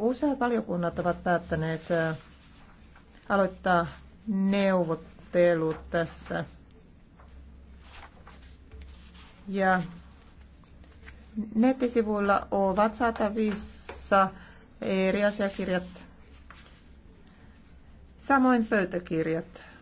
Useat valiokunnat ovat päättäneet aloittaa neuvottelut tässä. Ja nettisivuilla ovat saatavissa eri asiakirjat, samoin pöytäkirjat.